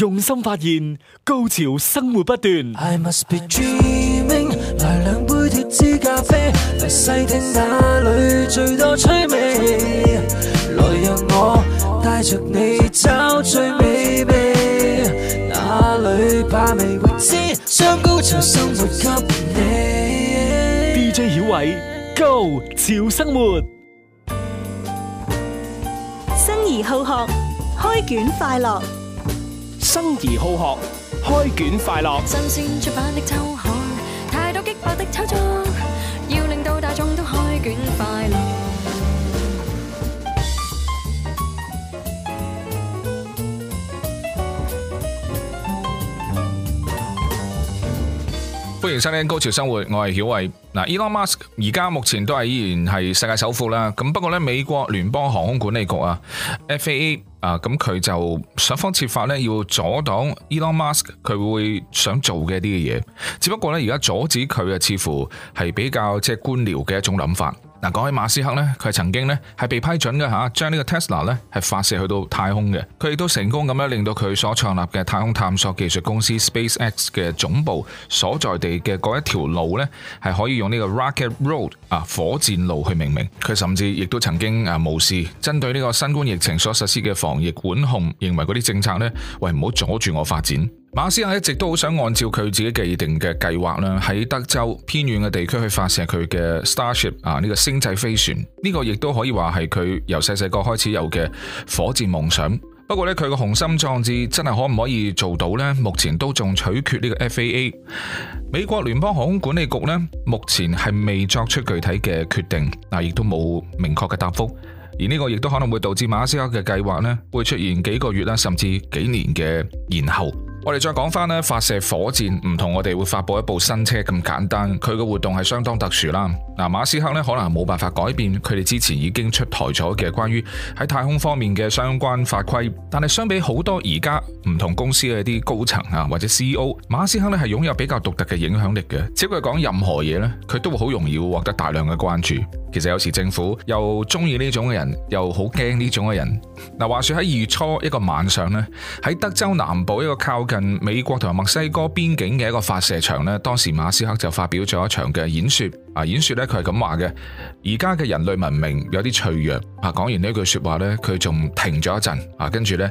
用心發現，高潮生活不斷。I must be dreaming，來兩杯鐵咖啡，來細聽哪裏最多趣味，來讓我帶着你找最美味，哪裏怕未知，將高潮生活給你。DJ 小偉，Go 潮生活，生而好學，開卷快樂。生而好學，開卷快樂。新鮮出版的周刊，太多激爆的炒作，要令到大眾都開卷快樂。歡迎收聽《高潮生活》，我係曉偉。嗱，Elon Musk 而家目前都係依然係世界首富啦。咁不過呢，美國聯邦航空管理局啊 （FAA）。啊，咁佢就想方設法咧，要阻擋 Elon Musk 佢會想做嘅一啲嘅嘢。只不過咧，而家阻止佢啊，似乎係比較即係官僚嘅一種諗法。嗱，講起馬斯克咧，佢係曾經咧係被批准嘅吓，將呢個 Tesla 咧係發射去到太空嘅，佢亦都成功咁樣令到佢所創立嘅太空探索技術公司 SpaceX 嘅總部所在地嘅嗰一條路咧係可以用呢個 Rocket Road 啊火箭路去命名。佢甚至亦都曾經啊無視針對呢個新冠疫情所實施嘅防疫管控，認為嗰啲政策咧喂，唔好阻住我發展。馬斯克一直都好想按照佢自己既定嘅計劃啦，喺德州偏遠嘅地區去發射佢嘅 Starship 啊呢個星際飛船呢個，亦都可以話係佢由細細個開始有嘅火箭夢想。不過呢，佢個雄心壯志真係可唔可以做到呢？目前都仲取決呢個 FAA 美國聯邦航空管理局呢，目前係未作出具體嘅決定，但亦都冇明確嘅答覆。而呢個亦都可能會導致馬斯克嘅計劃呢，會出現幾個月啦，甚至幾年嘅延後。我哋再講翻呢，發射火箭，唔同我哋會發佈一部新車咁簡單，佢嘅活動係相當特殊啦。嗱，馬斯克呢，可能冇辦法改變佢哋之前已經出台咗嘅關於喺太空方面嘅相關法規，但係相比好多而家唔同公司嘅一啲高層啊或者 CEO，馬斯克呢係擁有比較獨特嘅影響力嘅。只要佢講任何嘢呢，佢都會好容易會獲得大量嘅關注。其實有時政府又中意呢種嘅人，又好驚呢種嘅人。嗱，話說喺二月初一個晚上呢，喺德州南部一個靠近。美國同埋墨西哥邊境嘅一個發射場咧，當時馬斯克就發表咗一場嘅演說。啊，演說呢，佢係咁話嘅。而家嘅人類文明有啲脆弱。啊，講完呢句說話呢，佢仲停咗一陣。啊，跟住呢，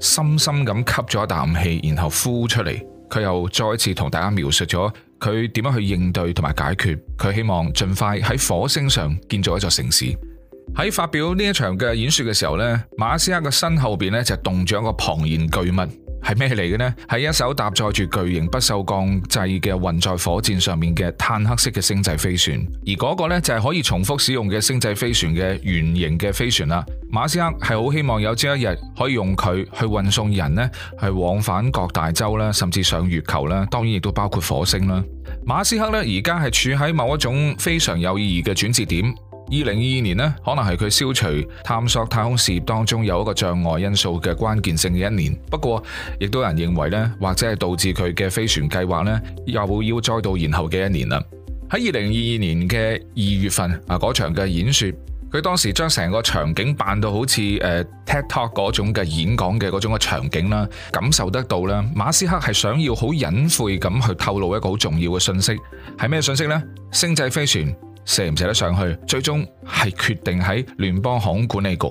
深深咁吸咗一啖氣，然後呼出嚟。佢又再次同大家描述咗佢點樣去應對同埋解決。佢希望盡快喺火星上建造一座城市。喺發表呢一場嘅演說嘅時候呢，馬斯克嘅身後邊呢，就動咗一個龐然巨物。係咩嚟嘅呢？係一艘搭載住巨型不銹鋼製嘅運載火箭上面嘅碳黑色嘅星際飛船，而嗰個呢就係可以重複使用嘅星際飛船嘅圓形嘅飛船啦。馬斯克係好希望有朝一日可以用佢去運送人呢，係往返各大洲啦，甚至上月球啦，當然亦都包括火星啦。馬斯克呢而家係處喺某一種非常有意義嘅轉折點。二零二二年呢，可能係佢消除探索太空事業當中有一個障礙因素嘅關鍵性嘅一年。不過，亦都有人認為呢，或者係導致佢嘅飛船計劃呢，又會要再度延後嘅一年啦。喺二零二二年嘅二月份啊，嗰場嘅演說，佢當時將成個場景扮到好似誒 TikTok 嗰種嘅演講嘅嗰種嘅場景啦，感受得到啦。馬斯克係想要好隱晦咁去透露一個好重要嘅信息，係咩信息呢？星際飛船。射唔射得上去，最終係決定喺聯邦航空管理局。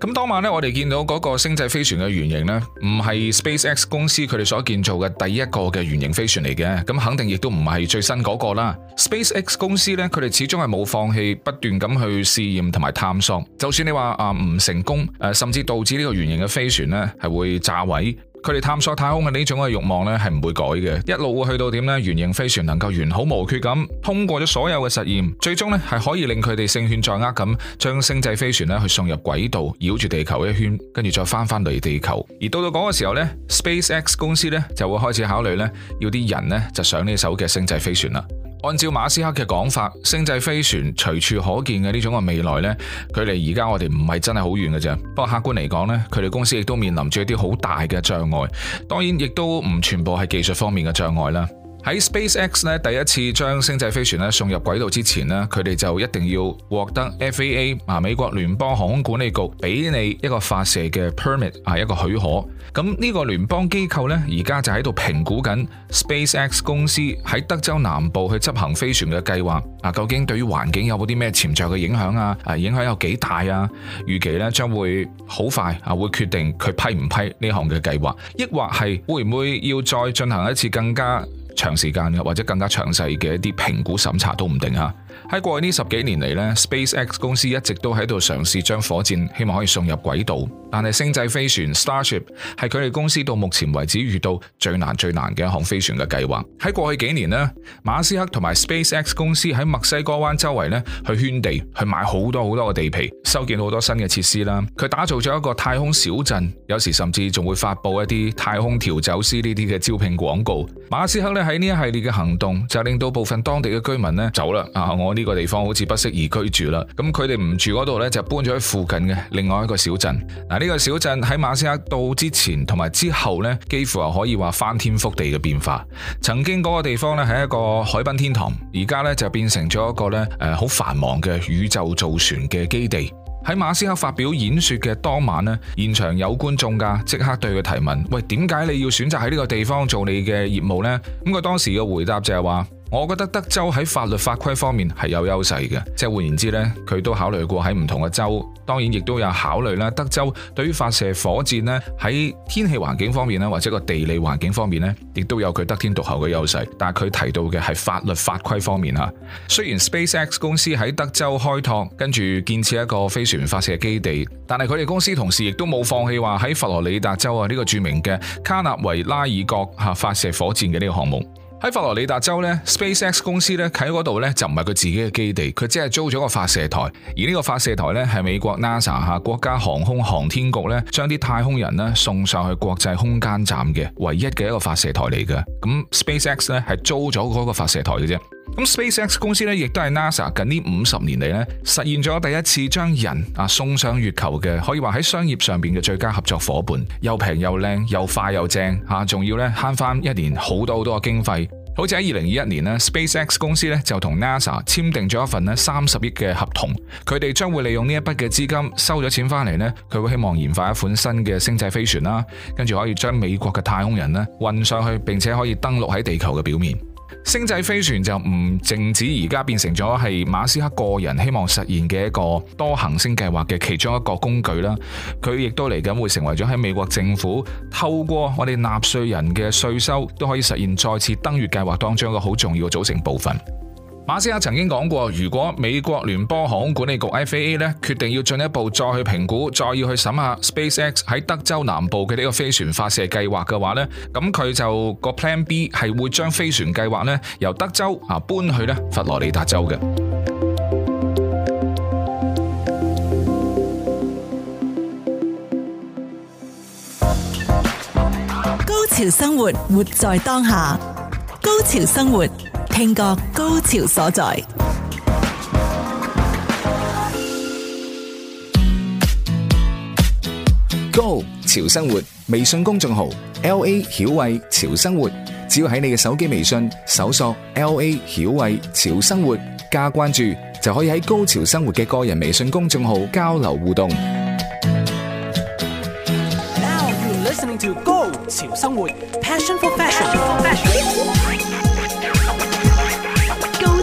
咁當晚呢，我哋見到嗰個星際飛船嘅原型呢，唔係 SpaceX 公司佢哋所建造嘅第一個嘅原型飛船嚟嘅，咁肯定亦都唔係最新嗰、嗰個啦。SpaceX 公司呢，佢哋始終係沒冇放棄，不斷咁去試驗同埋探索。就算你話啊唔成功，甚至導致呢個原型嘅飛船呢係會炸毀。佢哋探索太空嘅呢種嘅欲望呢，係唔會改嘅，一路會去到點呢，原型飛船能夠完好無缺咁通過咗所有嘅實驗，最終呢係可以令佢哋勝券在握咁，將星際飛船呢去送入軌道，繞住地球一圈，跟住再翻翻嚟地球。而到到嗰個時候呢，SpaceX 公司呢就會開始考慮呢，要啲人呢就上呢艘嘅星際飛船啦。按照馬斯克嘅講法，星際飛船隨處可見嘅呢種嘅未來咧，距離而家我哋唔係真係好遠嘅啫。不過客觀嚟講呢，佢哋公司亦都面臨住一啲好大嘅障礙，當然亦都唔全部係技術方面嘅障礙啦。喺 SpaceX 咧，Space X 第一次將星際飛船咧送入軌道之前咧，佢哋就一定要獲得 FAA 啊美國聯邦航空管理局俾你一個發射嘅 permit 啊一個許可。咁呢個聯邦機構咧，而家就喺度評估緊 SpaceX 公司喺德州南部去執行飛船嘅計劃啊，究竟對於環境有冇啲咩潛在嘅影響啊？啊，影響有幾大啊？預期咧將會好快啊，會決定佢批唔批呢項嘅計劃，抑或係會唔會要再進行一次更加長時間嘅，或者更加詳細嘅一啲評估審查都唔定啊。喺過去呢十幾年嚟呢，SpaceX 公司一直都喺度嘗試將火箭希望可以送入軌道，但係星際飛船 Starship 係佢哋公司到目前為止遇到最難最難嘅一項飛船嘅計劃。喺過去幾年呢，馬斯克同埋 SpaceX 公司喺墨西哥灣周圍呢去圈地，去買好多好多嘅地皮，修建好多新嘅設施啦。佢打造咗一個太空小鎮，有時甚至仲會發布一啲太空調酒師呢啲嘅招聘廣告。馬斯克咧，喺呢一系列嘅行動就令到部分當地嘅居民呢走啦。啊，我。我呢個地方好似不適宜居住啦，咁佢哋唔住嗰度呢，就搬咗喺附近嘅另外一個小鎮。嗱，呢個小鎮喺馬斯克到之前同埋之後呢，幾乎係可以話翻天覆地嘅變化。曾經嗰個地方呢，係一個海濱天堂，而家呢，就變成咗一個呢誒好繁忙嘅宇宙造船嘅基地。喺馬斯克發表演說嘅當晚呢，現場有觀眾噶，即刻對佢提問：喂，點解你要選擇喺呢個地方做你嘅業務呢？咁佢當時嘅回答就係話。我覺得德州喺法律法規方面係有優勢嘅，即係換言之呢，佢都考慮過喺唔同嘅州，當然亦都有考慮啦。德州對於發射火箭呢，喺天氣環境方面呢，或者個地理環境方面呢，亦都有佢得天獨厚嘅優勢。但係佢提到嘅係法律法規方面啊。雖然 SpaceX 公司喺德州開拓跟住建設一個飛船發射基地，但係佢哋公司同時亦都冇放棄話喺佛羅里達州啊呢個著名嘅卡納維拉爾角嚇發射火箭嘅呢個項目。喺佛羅里達州咧，SpaceX 公司咧喺嗰度咧就唔係佢自己嘅基地，佢只係租咗個發射台，而呢個發射台咧係美國 NASA 吓國家航空航天局咧將啲太空人咧送上去國際空間站嘅唯一嘅一個發射台嚟嘅。咁 SpaceX 咧係租咗嗰個發射台嘅啫。咁 SpaceX 公司咧，亦都係 NASA 近呢五十年嚟咧，實現咗第一次將人啊送上月球嘅，可以話喺商業上邊嘅最佳合作夥伴，又平又靚，又快又正啊，仲要咧慳翻一年好多好多嘅經費。好似喺二零二一年呢 SpaceX 公司咧就同 NASA 簽訂咗一份呢三十億嘅合同，佢哋將會利用呢一筆嘅資金收咗錢翻嚟呢，佢會希望研發一款新嘅星際飛船啦，跟住可以將美國嘅太空人呢運上去，並且可以登陸喺地球嘅表面。星際飛船就唔淨止而家變成咗係馬斯克個人希望實現嘅一個多行星計劃嘅其中一個工具啦，佢亦都嚟緊會成為咗喺美國政府透過我哋納稅人嘅稅收都可以實現再次登月計劃當中一個好重要嘅組成部分。馬斯克曾經講過，如果美國聯邦航空管理局 F A A 咧，決定要進一步再去評估，再要去審下 SpaceX 喺德州南部嘅呢個飛船發射計劃嘅話呢，咁佢就、嗰個 Plan B 係會將飛船計劃呢由德州啊搬去咧佛羅里達州嘅。高潮生活，活在當下。高潮生活。聽過高潮所在。Go 潮生活微信公眾號 L A 曉慧潮生活，只要喺你嘅手機微信搜索 L A 曉慧潮生活加關注，就可以喺高潮生活嘅個人微信公眾號交流互動。Now you are listening to Go 潮生活，Passion for fashion. Passion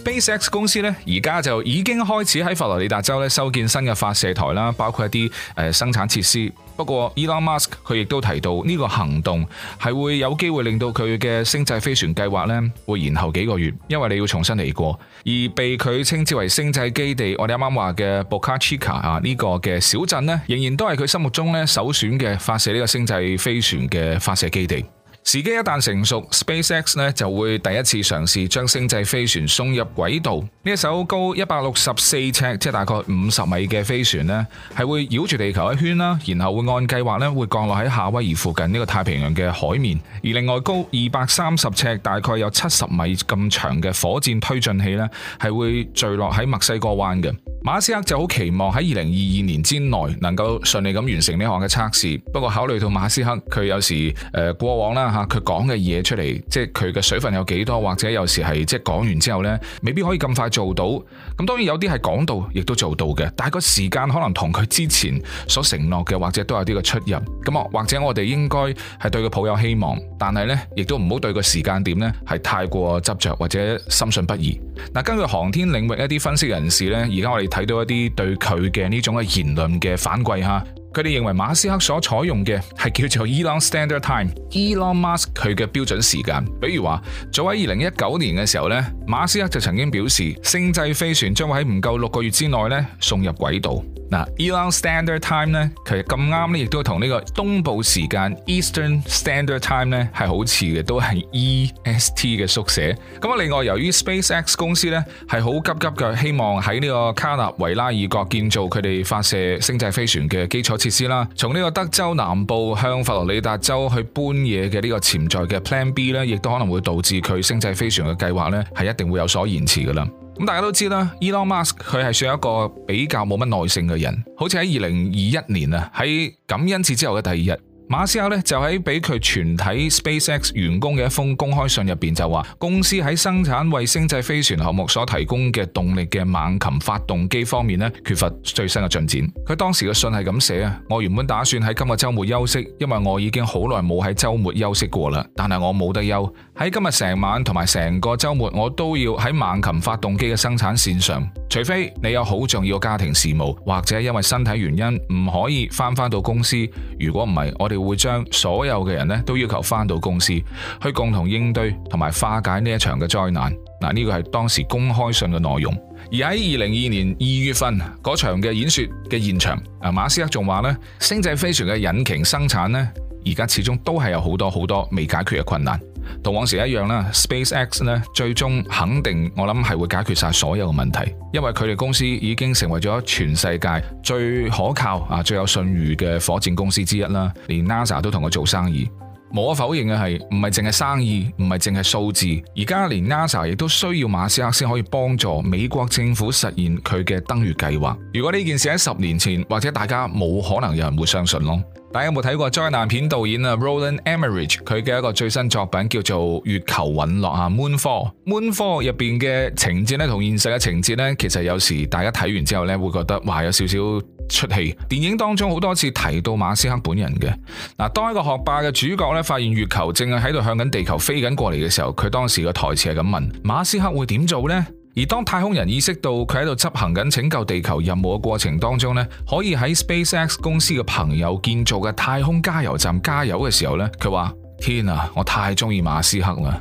SpaceX 公司咧，而家就已經開始喺佛羅里達州咧，修建新嘅發射台啦，包括一啲誒生產設施。不過，Elon Musk 佢亦都提到呢個行動係會有機會令到佢嘅星際飛船計劃咧會延後幾個月，因為你要重新嚟過。而被佢稱之為星際基地，我哋啱啱話嘅 Boca Chica 啊呢個嘅小鎮，仍然都係佢心目中咧首選嘅發射呢個星際飛船嘅發射基地。時機一旦成熟，SpaceX 呢就會第一次嘗試將星際飛船送入軌道。呢一艘高一百六十四尺，即係大概五十米嘅飛船咧，係會繞住地球一圈啦，然後會按計劃咧會降落喺夏威夷附近呢個太平洋嘅海面。而另外高二百三十尺，大概有七十米咁長嘅火箭推進器咧，係會墜落喺墨西哥灣嘅。馬斯克就好期望喺二零二二年之內能夠順利咁完成呢項嘅測試。不過考慮到馬斯克佢有時誒、呃、過往啦吓，佢講嘅嘢出嚟，即係佢嘅水分有幾多，或者有時係即係講完之後咧，未必可以咁快。做到咁，當然有啲係講到，亦都做到嘅，但係個時間可能同佢之前所承諾嘅，或者都有啲嘅出入。咁啊，或者我哋應該係對佢抱有希望，但係呢，亦都唔好對個時間點呢係太過執着或者深信不疑。嗱，根據航天領域一啲分析人士呢，而家我哋睇到一啲對佢嘅呢種嘅言論嘅反饋。吓，佢哋認為馬斯克所採用嘅係叫做 Elon Standard Time，Elon Musk 佢嘅標準時間。比如話，早喺二零一九年嘅時候咧，馬斯克就曾經表示，星際飛船將會喺唔夠六個月之內咧送入軌道。嗱，Elon Standard Time 咧，其實咁啱咧，亦都同呢個東部時間 Eastern Standard Time 咧係好似嘅，都係 E.S.T 嘅縮寫。咁啊，另外由於 SpaceX 公司咧係好急急嘅，希望喺呢個卡納維拉爾角建造佢哋發射星際飛船嘅基礎設施啦。從呢個德州南部向佛羅里達州去搬嘢嘅呢個潛在嘅 Plan B 咧，亦都可能會導致佢星際飛船嘅計劃咧係一定會有所延遲㗎啦。噉大家都知啦，Elon Musk 佢係算一個比較冇乜耐性嘅人，好似喺二零二一年啊，喺感恩節之後嘅第二日。馬斯克就喺俾佢全體 SpaceX 員工嘅一封公開信入邊就話，公司喺生產為星際飛船項目所提供嘅動力嘅猛禽發動機方面缺乏最新嘅進展。佢當時嘅信係咁寫啊，我原本打算喺今個週末休息，因為我已經好耐冇喺週末休息過啦。但係我冇得休，喺今日成晚同埋成個週末我都要喺猛禽發動機嘅生產線上，除非你有好重要嘅家庭事務或者因為身體原因唔可以翻返到公司。如果唔係，我哋，會將所有嘅人咧都要求翻到公司去，共同應對同埋化解呢一場嘅災難。嗱，呢個係當時公開信嘅內容。而喺二零二二年二月份嗰場嘅演說嘅現場，啊馬斯克仲話咧，星際飛船嘅引擎生產呢，而家始終都係有好多好多未解決嘅困難。同往時一樣啦，SpaceX 最終肯定我諗係會解決晒所有嘅問題，因為佢哋公司已經成為咗全世界最可靠啊、最有信譽嘅火箭公司之一啦。連 NASA 都同佢做生意，無可否認嘅係唔係淨係生意，唔係淨係數字。而家連 NASA 亦都需要馬斯克先可以幫助美國政府實現佢嘅登月計劃。如果呢件事喺十年前或者大家冇可能有人會相信咯。大家有冇睇過災難片導演啊？Roland Emmerich 佢嘅一個最新作品叫做《月球隕落》啊，《Moonfall》。《Moonfall》入邊嘅情節咧，同現實嘅情節咧，其實有時大家睇完之後咧，會覺得哇，有少少出戲。電影當中好多次提到馬斯克本人嘅。嗱，當一個學霸嘅主角咧，發現月球正係喺度向緊地球飛緊過嚟嘅時候，佢當時個台詞係咁問：馬斯克會點做呢？而當太空人意識到佢喺度執行緊拯救地球任務嘅過程當中呢，可以喺 SpaceX 公司嘅朋友建造嘅太空加油站加油嘅時候呢，佢話：天啊，我太中意馬斯克啦！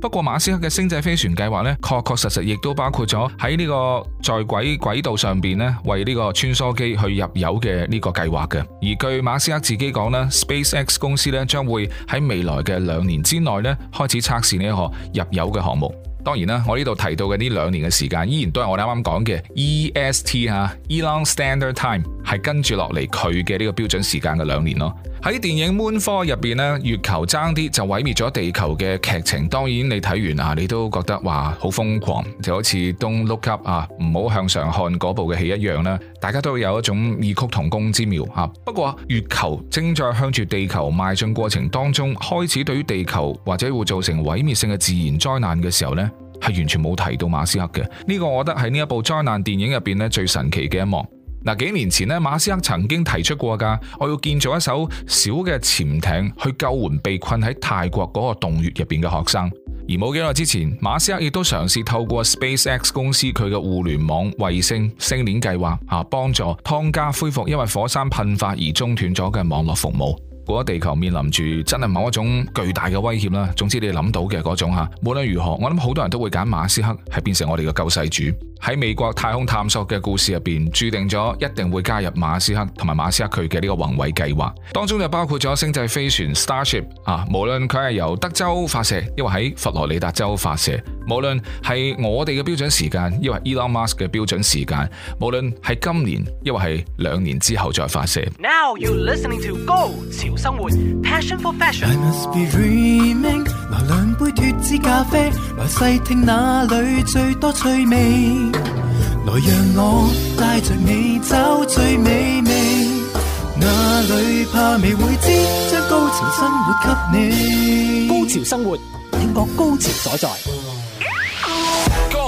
不過馬斯克嘅星際飛船計劃呢，確確實實亦都包括咗喺呢個在軌軌軌道上邊呢為呢個穿梭機去入油嘅呢個計劃嘅。而據馬斯克自己講呢 SpaceX 公司呢，將會喺未來嘅兩年之內呢，開始測試呢一個入油嘅項目。當然啦，我呢度提到嘅呢兩年嘅時間，依然都係我啱啱講嘅 EST 哈，Elon Standard Time。係跟住落嚟佢嘅呢個標準時間嘅兩年咯。喺電影《Moonfall》入邊呢，月球爭啲就毀滅咗地球嘅劇情。當然你睇完啊，你都覺得哇好瘋狂，就好似《Don't Look Up》啊，唔好向上看嗰部嘅戲一樣啦。大家都有一種異曲同工之妙。不過月球正在向住地球邁進過程當中，開始對於地球或者會造成毀滅性嘅自然災難嘅時候呢，係完全冇提到馬斯克嘅。呢、這個我覺得喺呢一部災難電影入邊呢，最神奇嘅一幕。嗱，幾年前呢，馬斯克曾經提出過噶，我要建造一艘小嘅潛艇去救援被困喺泰國嗰個洞穴入面嘅學生。而冇幾耐之前，馬斯克亦都嘗試透過 SpaceX 公司佢嘅互聯網衛星星鏈計劃嚇幫助湯加恢復因為火山噴發而中斷咗嘅網絡服務。如果地球面臨住真係某一種巨大嘅威脅啦，總之你諗到嘅嗰種吓，無論如何，我諗好多人都會揀馬斯克係變成我哋嘅救世主。喺美國太空探索嘅故事入邊，注定咗一定會加入馬斯克同埋馬斯克佢嘅呢個宏偉計劃，當中就包括咗星際飛船 Starship 啊，無論佢係由德州發射，亦或喺佛羅里達州發射，無論係我哋嘅標準時間，亦或 Elon Musk 嘅標準時間，無論係今年，亦或係兩年之後再發射。Now you're listening to Gold. 生活，passion for fashion。I must be dreaming。來兩杯脫脂咖啡，來細聽那裏最多趣味。來讓我帶著你找最美味，那裏怕未會知將高潮生活給你。高潮生活，英國高潮所在。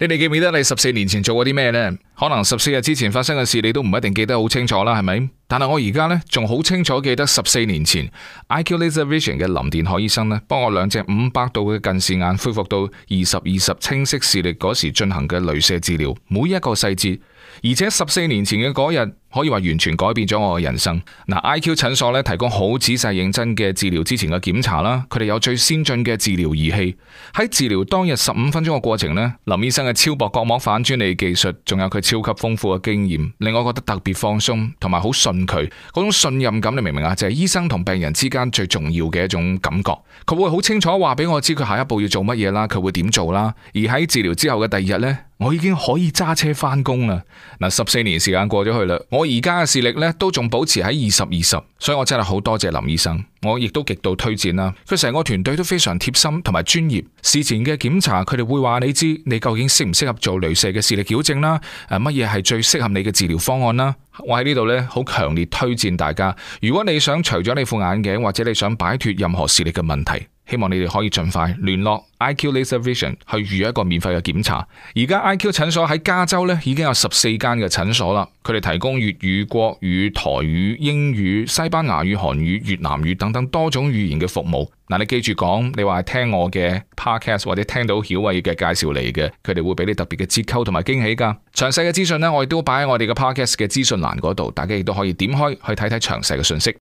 你哋記唔記得你十四年前做過啲咩呢？可能十四日之前發生嘅事，你都唔一定記得好清楚啦，係咪？但係我而家呢，仲好清楚記得十四年前，IQ Laser Vision 嘅林電海醫生呢，幫我兩隻五百度嘅近視眼恢復到二十二十清晰視力嗰時進行嘅鐳射治療，每一個細節，而且十四年前嘅嗰日。可以話完全改變咗我嘅人生。嗱，I.Q. 診所咧提供好仔細認真嘅治療，之前嘅檢查啦，佢哋有最先進嘅治療儀器。喺治療當日十五分鐘嘅過程咧，林醫生嘅超薄角膜反專利技術，仲有佢超級豐富嘅經驗，令我覺得特別放鬆，同埋好信佢嗰種信任感。你明唔明啊？就係醫生同病人之間最重要嘅一種感覺。佢會好清楚話俾我知佢下一步要做乜嘢啦，佢會點做啦。而喺治療之後嘅第二日呢，我已經可以揸車翻工啦。嗱，十四年時間過咗去啦，我。我而家嘅視力咧都仲保持喺二十二十，20，所以我真係好多謝林醫生，我亦都極度推薦啦。佢成個團隊都非常貼心同埋專業，事前嘅檢查佢哋會話你知你究竟適唔適合做鐳射嘅視力矯正啦，誒乜嘢係最適合你嘅治療方案啦。我喺呢度咧好強烈推薦大家，如果你想除咗你副眼鏡，或者你想擺脫任何視力嘅問題。希望你哋可以盡快聯絡 IQ Laser Vision 去預一個免費嘅檢查。而家 IQ 診所喺加州呢已經有十四間嘅診所啦，佢哋提供粵語、國語、台語、英語、西班牙語、韓語、越南語等等多種語言嘅服務。嗱，你記住講，你話係聽我嘅 podcast 或者聽到曉偉嘅介紹嚟嘅，佢哋會俾你特別嘅折扣同埋驚喜㗎。詳細嘅資訊呢，我亦都擺喺我哋嘅 podcast 嘅資訊欄嗰度，大家亦都可以點開去睇睇詳細嘅信息。